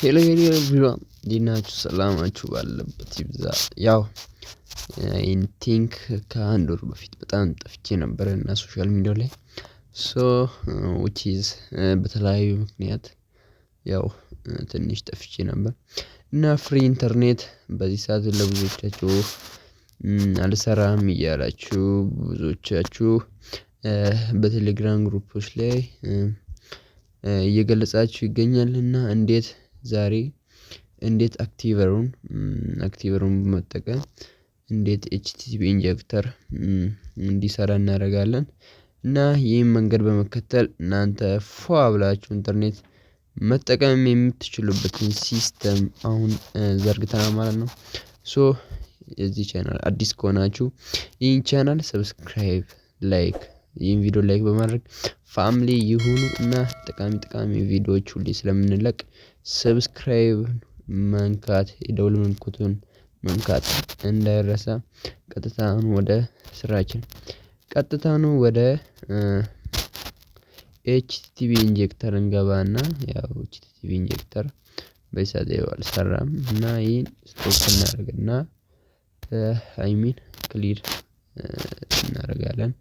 ሄሎ ሄሎ ኤቭሪዋን እንዴት ናችሁ? ሰላማችሁ ባለበት ይብዛ። ያው ኢን ቲንክ ከአንድ ወር በፊት በጣም ጠፍቼ ነበረ እና ሶሻል ሚዲያ ላይ ሶ ዊች ኢዝ በተለያዩ ምክንያት ያው ትንሽ ጠፍቼ ነበር እና ፍሪ ኢንተርኔት በዚህ ሰዓት ለብዙዎቻችሁ አልሰራም እያላችሁ ብዙዎቻችሁ በቴሌግራም ግሩፖች ላይ እየገለጻችሁ ይገኛል እና እንዴት ዛሬ እንዴት አክቲቨሩን አክቲቨሩን በመጠቀም እንዴት ኤችቲቲፒ ኢንጀክተር እንዲሰራ እናደርጋለን። እና ይህም መንገድ በመከተል እናንተ ፎ ብላችሁ ኢንተርኔት መጠቀም የምትችሉበትን ሲስተም አሁን ዘርግተናል ማለት ነው። ሶ የዚህ ቻናል አዲስ ከሆናችሁ ይህን ቻናል ሰብስክራይብ ላይክ ይህን ቪዲዮ ላይክ በማድረግ ፋሚሊ ይሁኑ እና ጠቃሚ ጠቃሚ ቪዲዮዎች ሁሌ ስለምንለቅ ሰብስክራይብ መንካት የደውል ምልክቱን መንካት እንዳይረሳ። ቀጥታውን ወደ ስራችን ቀጥታኑ ወደ ኤችቲቲቪ ኢንጀክተር እንገባ እንገባና ያው ኤችቲቲቪ ኢንጀክተር በሳት አልሰራም እና ይህን ስቶክ እናደርግ እናደርግና አይሚን ክሊር እናደርጋለን።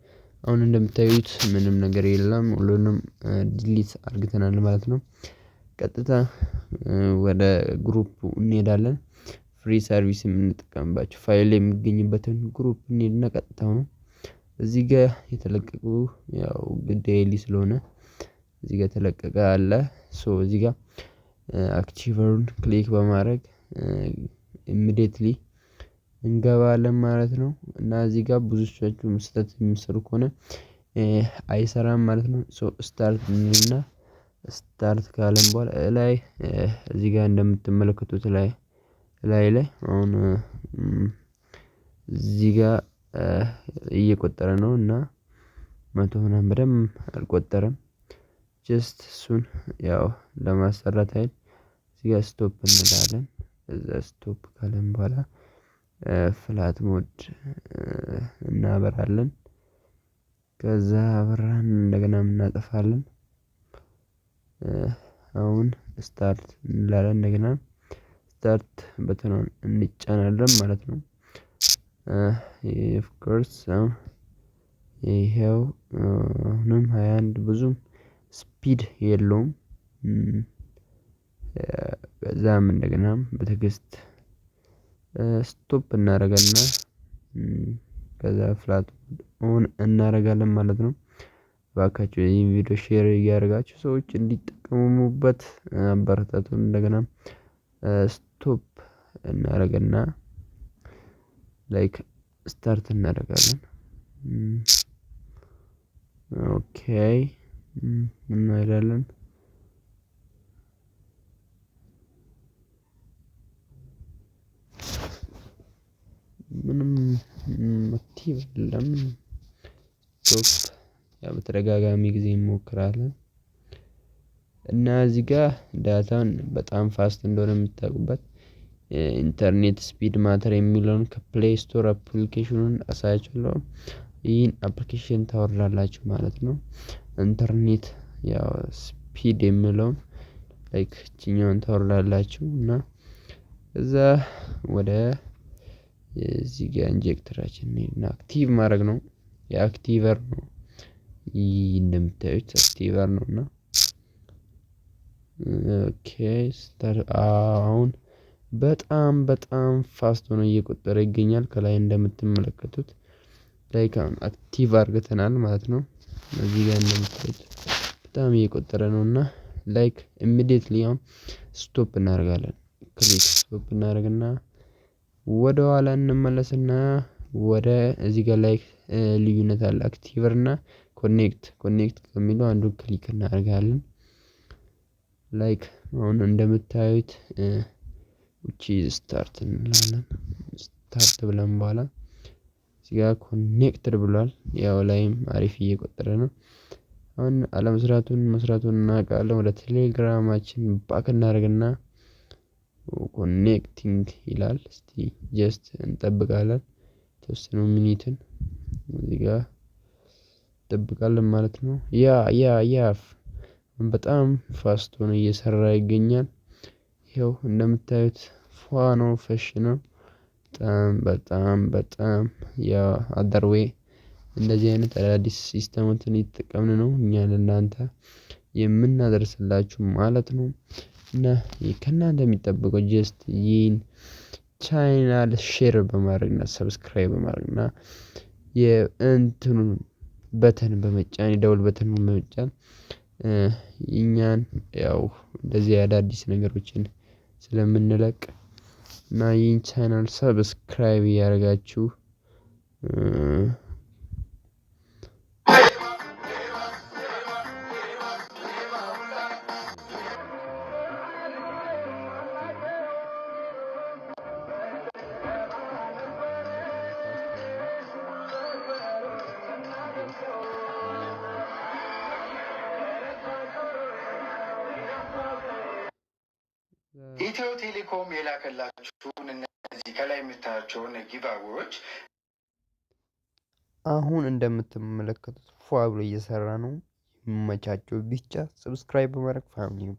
አሁን እንደምታዩት ምንም ነገር የለም ሁሉንም ዲሊት አድርግተናል ማለት ነው። ቀጥታ ወደ ግሩፕ እንሄዳለን ፍሪ ሰርቪስ የምንጠቀምባቸው ፋይል የሚገኝበትን ግሩፕ እንሄድና ቀጥታ ነው። እዚህ ጋ የተለቀቁ ያው ዴይሊ ስለሆነ እዚህ ጋ የተለቀቀ አለ ሶ እዚህ ጋ አክቲቨርን ክሊክ በማድረግ ኢሚዲየትሊ እንገባለን ማለት ነው። እና እዚህ ጋር ብዙ ሰዎች ስህተት የሚሰሩ ከሆነ አይሰራም ማለት ነው። ሶ ስታርት እንልና ስታርት ካለን በኋላ እላይ እዚህ ጋር እንደምትመለከቱት ላይ ላይ ላይ አሁን እዚህ ጋር እየቆጠረ ነው እና መቶ ምናምን በደንብ አልቆጠረም። ጀስት እሱን ያው ለማሰራት ያህል እዚህ ጋር ስቶፕ እንላለን። እዛ ስቶፕ ካለን በኋላ ፍላት ሞድ እናበራለን ከዛ አበራን እንደገና እናጠፋለን። አሁን ስታርት እንላለን እንደገና ስታርት በትኗን እንጫናለን ማለት ነው። ኦፍ ኮርስ ይሄው አሁንም ሃያ አንድ ብዙም ስፒድ የለውም። በዛም እንደገናም በትዕግስት ስቶፕ እናደርጋለን ከዛ ፍላት ኦን እናደርጋለን ማለት ነው። እባካችሁ ይሄን ቪዲዮ ሼር እያደረጋችሁ ሰዎች እንዲጠቀሙበት አበረታቱን። እንደገና ስቶፕ እናደርግና ላይክ ስታርት እናደርጋለን። ኦኬ እንሄዳለን ምንም አክቲቭ አይደለም። ያው በተደጋጋሚ ጊዜ እንሞክራለን። እና እዚህ ጋር ዳታን በጣም ፋስት እንደሆነ የምታውቁበት ኢንተርኔት ስፒድ ማተር የሚለውን ከፕሌይ ስቶር አፕሊኬሽኑን አሳያችኋለሁ። ይህን አፕሊኬሽን ታወርዳላችሁ ማለት ነው። ኢንተርኔት ያው ስፒድ የሚለውን ላይክ ይችኛዋን ታወርዳላችሁ እና እዛ ወደ እዚህ ጋር ኢንጀክተራችን እና አክቲቭ ማድረግ ነው። የአክቲቨር ነው እንደምታዩት አክቲቨር ነው እና ኦኬ አሁን በጣም በጣም ፋስት ሆኖ እየቆጠረ ይገኛል። ከላይ እንደምትመለከቱት ላይክ አሁን አክቲቭ አድርገተናል ማለት ነው። እዚህ ጋር እንደምታዩት በጣም እየቆጠረ ነው እና ላይክ ኢሚዲየትሊ አሁን ስቶፕ እናደርጋለን። ክሊክ ስቶፕ እናደርግና ወደ ኋላ እንመለስና ወደ እዚህ ጋር ላይክ ልዩነት አለ አክቲቨር እና ኮኔክት ኮኔክት ከሚለው አንዱ ክሊክ እናደርጋለን። ላይክ አሁን እንደምታዩት እቺ ስታርት እንላለን ስታርት ብለን በኋላ እዚህ ጋር ኮኔክትድ ብሏል። ያው ላይም አሪፍ እየቆጠረ ነው። አሁን አለመስራቱን መስራቱን እናውቃለን። ወደ ቴሌግራማችን ባክ እናደርግና ኮኔክቲንግ ይላል እስቲ ጀስት እንጠብቃለን የተወሰነ ሚኒትን እዚህ እንጠብቃለን ማለት ነው። ያ ያ ያ በጣም ፋስት ሆነ እየሰራ ይገኛል። ይኸው እንደምታዩት ፏ ነው ፈሽ ነው። በጣም በጣም በጣም ያ አደርዌይ እንደዚህ አይነት አዳዲስ ሲስተሞችን እየተጠቀምን ነው እኛ ለእናንተ የምናደርስላችሁ ማለት ነው። እና ከእናንተ የሚጠበቀው ጀስት ይህን ቻናል ሼር በማድረግ ሰብስክራይብ በማድረግ እና የእንትኑን በተን በመጫን የደውል በተን በመጫን እኛን ያው እንደዚህ አዳዲስ ነገሮችን ስለምንለቅ እና ይህን ቻናል ሰብስክራይብ እያደረጋችሁ ኢትዮ ቴሌኮም የላከላችሁን እነዚህ ከላይ የምታያቸውን ጊቫዎች አሁን እንደምትመለከቱት ፏ ብሎ እየሰራ ነው። ይመቻቸው ብቻ ሰብስክራይብ በማድረግ ፋሚሊ